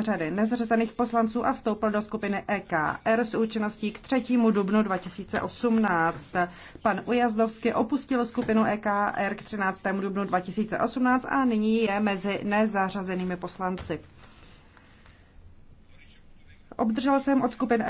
řady nezařazených poslanců a vstoupil do skupiny EKR s účinností k 3. dubnu 2018. Pan Ujazdovský opustil skupinu EKR k 13. dubnu 2018 a nyní je mezi nezařazenými poslanci. Obdržel jsem od skupin